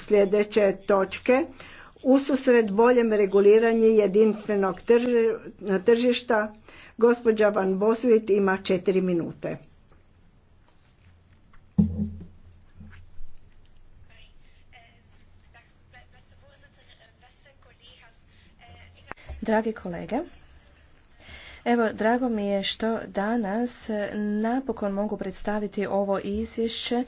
sljedeće točke ususred boljem reguliranje jedinstvenog tržišta gospođa Van Bosuit ima četiri minute. Dragi kolege, Evo, drago mi je što danas napokon mogu predstaviti ovo izvješće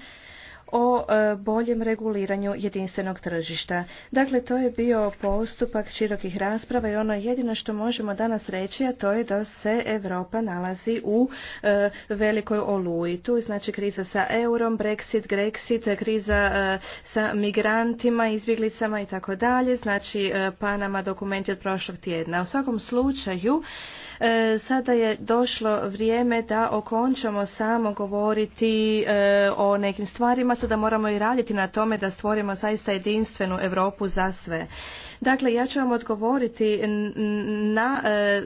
o e, boljem reguliranju jedinstvenog tržišta. Dakle, to je bio postupak širokih rasprava i ono jedino što možemo danas reći, a to je da se Europa nalazi u e, velikoj oluji. Tu znači kriza sa eurom, Brexit, Grexit, kriza e, sa migrantima, izbjeglicama i tako dalje, znači Panama dokumenti od prošlog tjedna. U svakom slučaju, E, sada je došlo vrijeme da okončamo samo govoriti e, o nekim stvarima, sada moramo i raditi na tome da stvorimo zaista jedinstvenu Europu za sve. Dakle, ja ću vam odgovoriti na, e,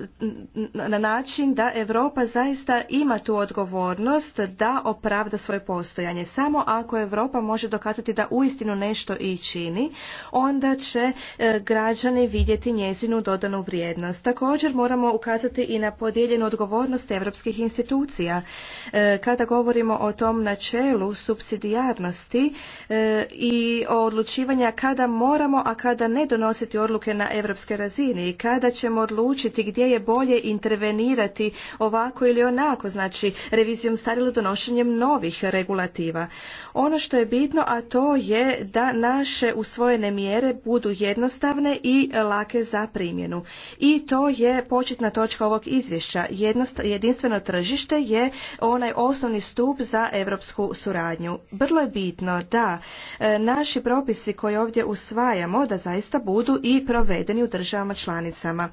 na način da Europa zaista ima tu odgovornost da opravda svoje postojanje. Samo ako Europa može dokazati da uistinu nešto i čini, onda će građani vidjeti njezinu dodanu vrijednost. Također moramo ukazati i na podijeljenu odgovornost europskih institucija. E, kada govorimo o tom načelu subsidijarnosti e, i o odlučivanja kada moramo, a kada ne donositi odluke na europskoj razini i kada ćemo odlučiti gdje je bolje intervenirati ovako ili onako, znači revizijom starilo donošenjem novih regulativa. Ono što je bitno, a to je da naše usvojene mjere budu jednostavne i lake za primjenu. I to je početna točka ovog ovog izvješća. jedinstveno tržište je onaj osnovni stup za europsku suradnju. Vrlo je bitno da e, naši propisi koje ovdje usvajamo da zaista budu i provedeni u državama članicama.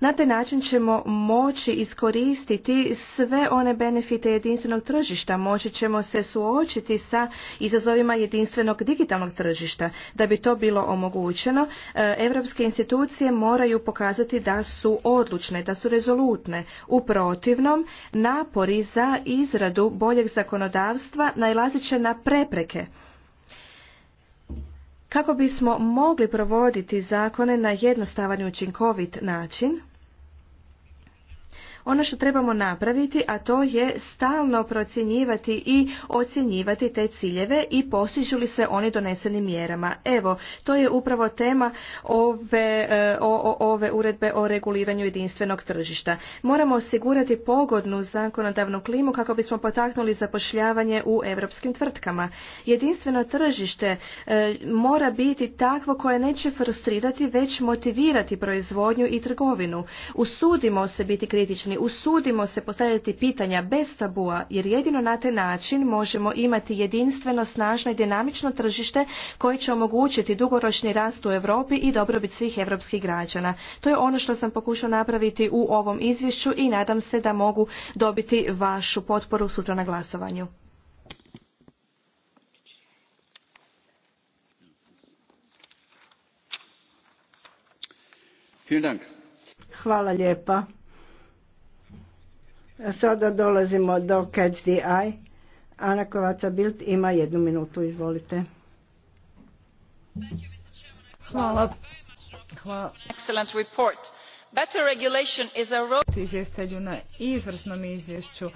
Na taj način ćemo moći iskoristiti sve one benefite jedinstvenog tržišta, moći ćemo se suočiti sa izazovima jedinstvenog digitalnog tržišta. Da bi to bilo omogućeno, europske institucije moraju pokazati da su odlučne, da su rezolutne. U protivnom, napori za izradu boljeg zakonodavstva najlazit će na prepreke kako bismo mogli provoditi zakone na jednostavan i učinkovit način, ono što trebamo napraviti, a to je stalno procjenjivati i ocjenjivati te ciljeve i postižu li se oni donesenim mjerama. Evo, to je upravo tema ove, e, ove uredbe o reguliranju jedinstvenog tržišta. Moramo osigurati pogodnu zakonodavnu klimu kako bismo potaknuli zapošljavanje u europskim tvrtkama. Jedinstveno tržište e, mora biti takvo koje neće frustrirati već motivirati proizvodnju i trgovinu. Usudimo se biti kritični usudimo se postavljati pitanja bez tabua, jer jedino na taj način možemo imati jedinstveno, snažno i dinamično tržište koje će omogućiti dugoročni rast u Europi i dobrobit svih europskih građana. To je ono što sam pokušao napraviti u ovom izvješću i nadam se da mogu dobiti vašu potporu sutra na glasovanju. Hvala lijepa. Sada dolazimo do Catch the Eye. Ana Kovaca Bild ima jednu minutu, izvolite. Hvala. Hvala. Excellent izvjestelju na izvrsnom izvješću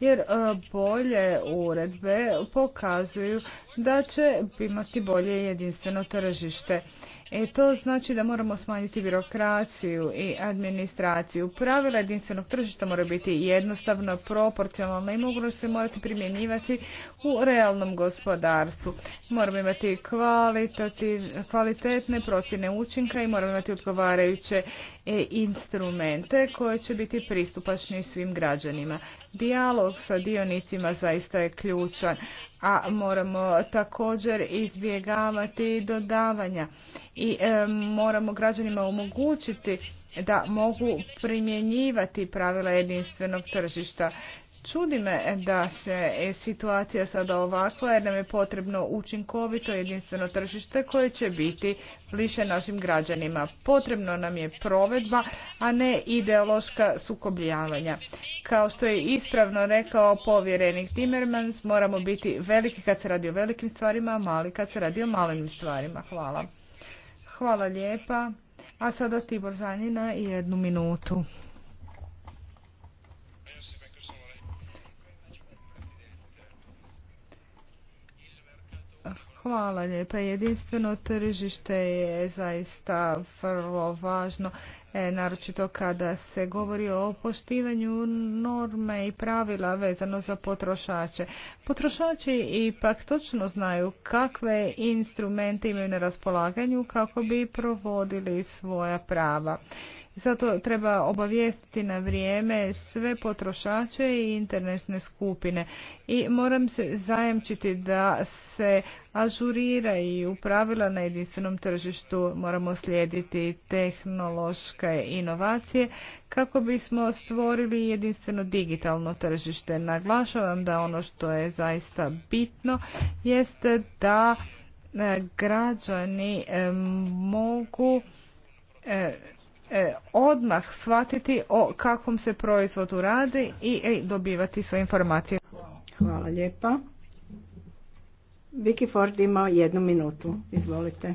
jer e, bolje uredbe pokazuju da će imati bolje jedinstveno tržište. E, to znači da moramo smanjiti birokraciju i administraciju. Pravila jedinstvenog tržišta moraju biti jednostavno, proporcionalna i mogu se morati primjenjivati u realnom gospodarstvu. Moramo imati kvalitetne procjene učinka i moramo imati odgovarajuće i e, instrumente koje će biti pristupačni svim građanima. Dijalog sa dionicima zaista je ključan, a moramo također izbjegavati dodavanja i e, moramo građanima omogućiti da mogu primjenjivati pravila jedinstvenog tržišta. Čudi me da se e, situacija sada ovakva jer nam je potrebno učinkovito jedinstveno tržište koje će biti liše našim građanima. Potrebno nam je provedba, a ne ideološka sukobljavanja. Kao što je ispravno rekao povjerenik Timmermans, moramo biti veliki kad se radi o velikim stvarima, a mali kad se radi o malim stvarima. Hvala. Hvala lijepa. A sada Tibor Zanjina i jednu minutu. Hvala lijepa. Jedinstveno tržište je zaista vrlo važno, e, naročito kada se govori o poštivanju norme i pravila vezano za potrošače. Potrošači ipak točno znaju kakve instrumente imaju na raspolaganju kako bi provodili svoja prava. Zato treba obavijestiti na vrijeme sve potrošače i internetne skupine. I moram se zajamčiti da se ažurira i upravila na jedinstvenom tržištu. Moramo slijediti tehnološke inovacije kako bismo stvorili jedinstveno digitalno tržište. Naglašavam da ono što je zaista bitno jeste da e, građani e, mogu e, E, odmah shvatiti o kakvom se proizvodu radi i e, dobivati sve informacije. Hvala lijepa. Vicky Ford ima jednu minutu. Izvolite.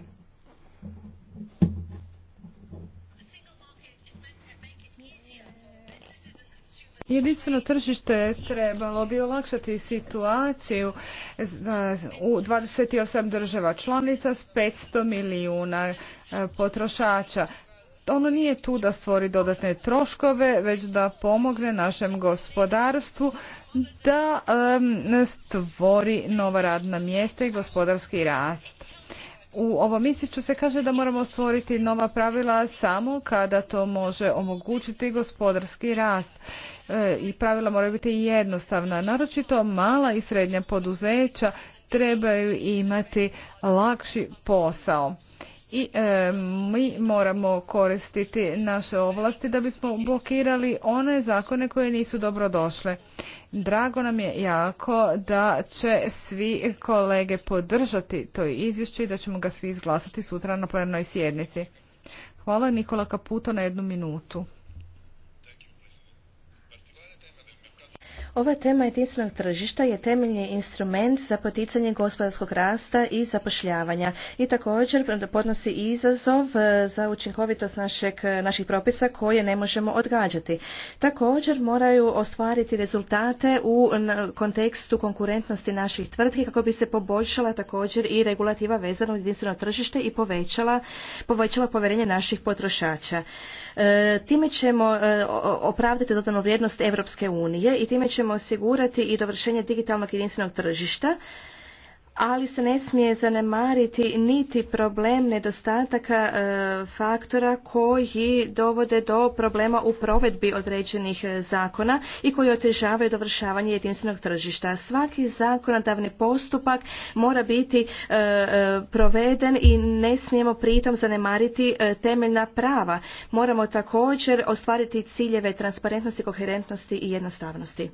Jedinstveno tržište trebalo bi olakšati situaciju u 28 država članica s 500 milijuna e, potrošača ono nije tu da stvori dodatne troškove, već da pomogne našem gospodarstvu da stvori nova radna mjesta i gospodarski rast. U ovom izvješću se kaže da moramo stvoriti nova pravila samo kada to može omogućiti gospodarski rast e, i pravila moraju biti jednostavna. Naročito mala i srednja poduzeća trebaju imati lakši posao i e, mi moramo koristiti naše ovlasti da bismo blokirali one zakone koje nisu dobro došle. Drago nam je jako da će svi kolege podržati to izvješće i da ćemo ga svi izglasati sutra na plenoj sjednici. Hvala Nikola Kaputo na jednu minutu. Ova tema jedinstvenog tržišta je temeljni instrument za poticanje gospodarskog rasta i zapošljavanja i također podnosi izazov e, za učinkovitost e, naših propisa koje ne možemo odgađati. Također moraju ostvariti rezultate u kontekstu konkurentnosti naših tvrtki kako bi se poboljšala također i regulativa vezana u jedinstveno tržište i povećala, povećala povjerenje naših potrošača. E, time ćemo opravdati dodanu vrijednost Europske unije i time će ćemo osigurati i dovršenje digitalnog jedinstvenog tržišta, ali se ne smije zanemariti niti problem nedostataka e, faktora koji dovode do problema u provedbi određenih e, zakona i koji otežavaju dovršavanje jedinstvenog tržišta. Svaki zakonodavni postupak mora biti e, proveden i ne smijemo pritom zanemariti temeljna prava. Moramo također ostvariti ciljeve transparentnosti, koherentnosti i jednostavnosti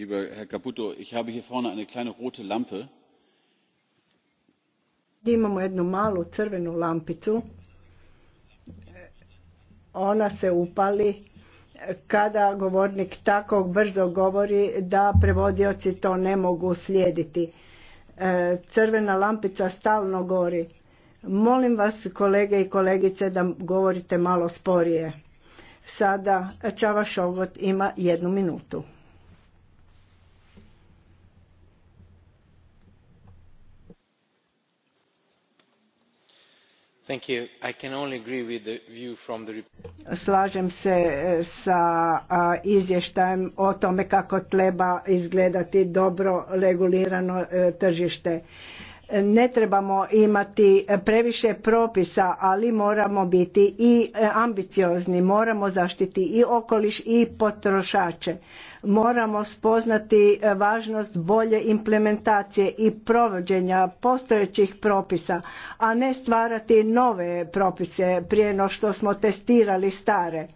lieber herr lampe imamo jednu malu crvenu lampicu ona se upali kada govornik tako brzo govori da prevodioci to ne mogu slijediti e, crvena lampica stalno gori molim vas kolege i kolegice da govorite malo sporije sada čava šogot ima jednu minutu Slažem se e, sa izvještajem o tome kako treba izgledati dobro regulirano e, tržište. Ne trebamo imati previše propisa, ali moramo biti i e, ambiciozni, moramo zaštiti i okoliš i potrošače moramo spoznati e, važnost bolje implementacije i provođenja postojećih propisa, a ne stvarati nove propise prije no što smo testirali stare. E,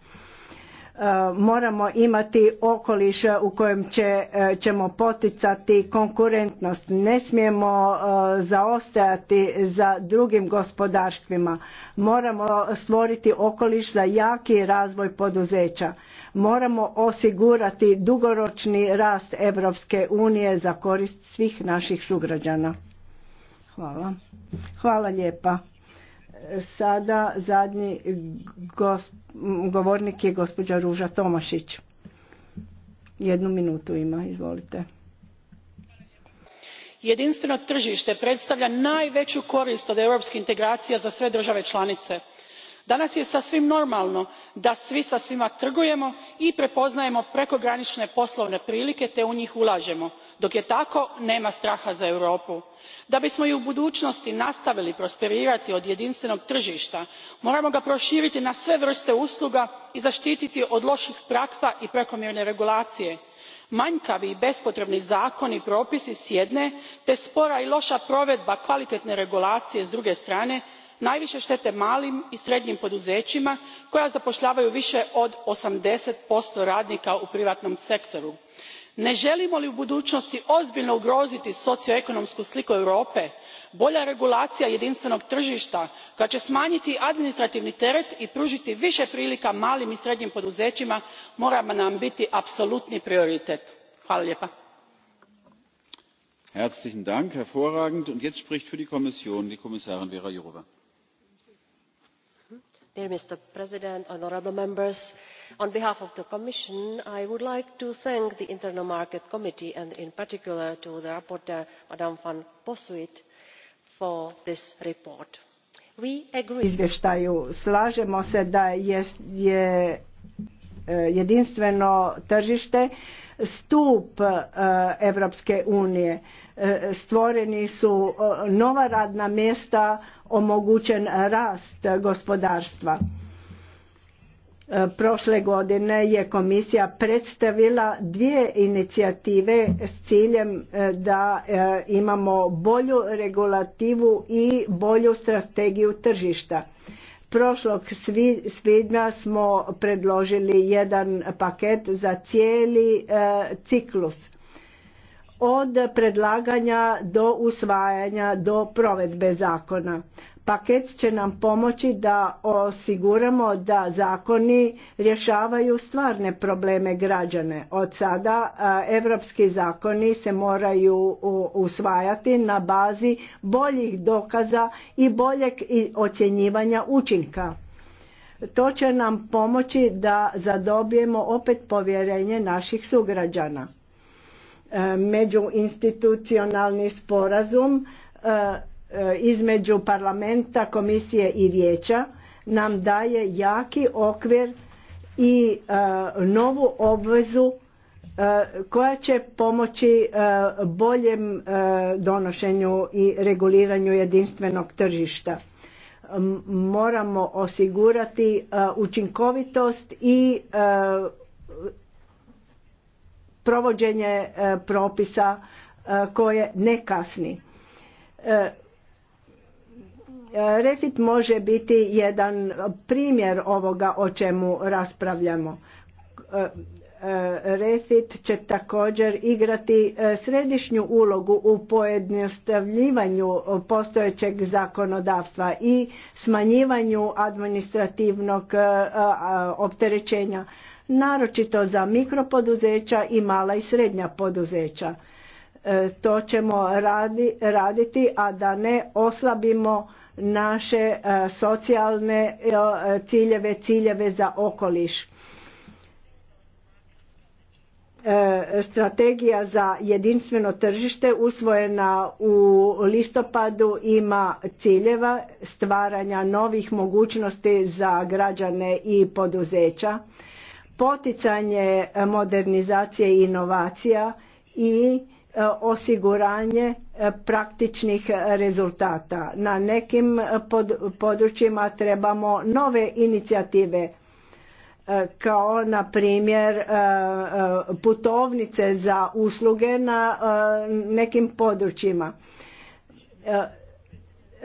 moramo imati okoliš u kojem e, ćemo poticati konkurentnost. Ne smijemo zaostajati za drugim gospodarstvima. Moramo stvoriti okoliš za jaki razvoj poduzeća Moramo osigurati dugoročni rast Europske unije za korist svih naših sugrađana. Hvala. Hvala lijepa. Sada zadnji govornik je gospođa Ruža Tomašić. Jednu minutu ima, izvolite. Jedinstveno tržište predstavlja najveću korist od europskih integracija za sve države članice danas je sasvim normalno da svi sa svima trgujemo i prepoznajemo prekogranične poslovne prilike te u njih ulažemo. dok je tako nema straha za europu. da bismo i u budućnosti nastavili prosperirati od jedinstvenog tržišta moramo ga proširiti na sve vrste usluga i zaštititi od loših praksa i prekomjerne regulacije. manjkavi i bespotrebni zakoni i propisi s jedne te spora i loša provedba kvalitetne regulacije s druge strane najviše štete malim i srednjim poduzećima koja zapošljavaju više od eighty radnika u privatnom sektoru. ne želimo li u budućnosti ozbiljno ugroziti socioekonomsku sliku europe bolja regulacija jedinstvenog tržišta koja će smanjiti administrativni teret i pružiti više prilika malim i srednjim poduzećima mora nam biti apsolutni prioritet. hvala mr president honourable members on behalf of the commission i would like to thank the internal market committee and in particular the rapporteur ms van posselt for this report. we izvještaju slažemo se da je e, jedinstveno tržište stup europske unije E, stvoreni su e, nova radna mjesta, omogućen rast gospodarstva. E, prošle godine je komisija predstavila dvije inicijative s ciljem da imamo bolju regulativu i bolju strategiju tržišta. Prošlog svibnja smo predložili jedan paket za cijeli ciklus od predlaganja do usvajanja do provedbe zakona. Paket će nam pomoći da osiguramo da zakoni rješavaju stvarne probleme građane. Od sada evropski zakoni se moraju usvajati na bazi boljih dokaza i boljeg ocjenjivanja učinka. To će nam pomoći da zadobijemo opet povjerenje naših sugrađana E, međuinstitucionalni sporazum e, e, između parlamenta, komisije i vijeća nam daje jaki okvir i novu obvezu koja će pomoći boljem donošenju i reguliranju jedinstvenog tržišta. Moramo osigurati učinkovitost i provođenje e, propisa e, koje ne kasni. E, refit može biti jedan primjer ovoga o čemu raspravljamo. Refit će također igrati središnju ulogu u pojednostavljivanju postojećeg zakonodavstva i smanjivanju administrativnog opterećenja naročito za mikropoduzeća i mala i srednja poduzeća. E, to ćemo raditi, a da ne oslabimo naše e, socijalne e, ciljeve, ciljeve za okoliš. Strategija za jedinstveno tržište usvojena u listopadu ima ciljeva stvaranja novih mogućnosti za građane i poduzeća poticanje e, modernizacije i inovacija i e, osiguranje e, praktičnih rezultata. Na nekim područjima trebamo nove inicijative kao na primjer putovnice za usluge na nekim područjima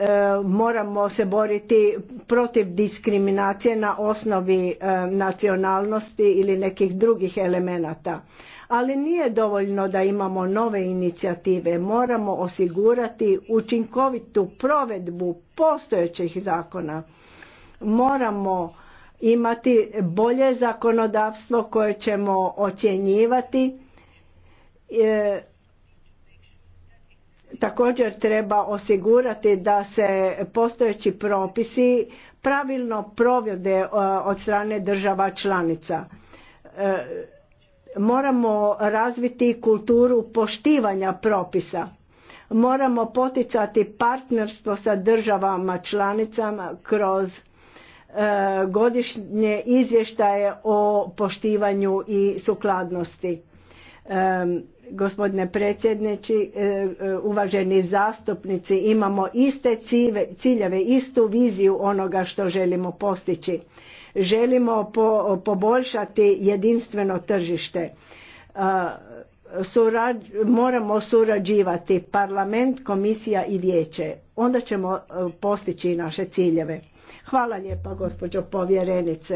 E, moramo se boriti protiv diskriminacije na osnovi e, nacionalnosti ili nekih drugih elemenata ali nije dovoljno da imamo nove inicijative moramo osigurati učinkovitu provedbu postojećih zakona moramo imati bolje zakonodavstvo koje ćemo ocjenjivati e, Također treba osigurati da se postojeći propisi pravilno provode e, od strane država članica. E, moramo razviti kulturu poštivanja propisa. Moramo poticati partnerstvo sa državama članicama kroz e, godišnje izvještaje o poštivanju i sukladnosti gospodine predsjedniče, e, e, uvaženi zastupnici, imamo iste ciljeve, istu viziju onoga što želimo postići. Želimo poboljšati jedinstveno tržište. E, moramo surađivati parlament, komisija i vijeće. Onda ćemo postići naše ciljeve. Hvala lijepa gospođo povjerenice.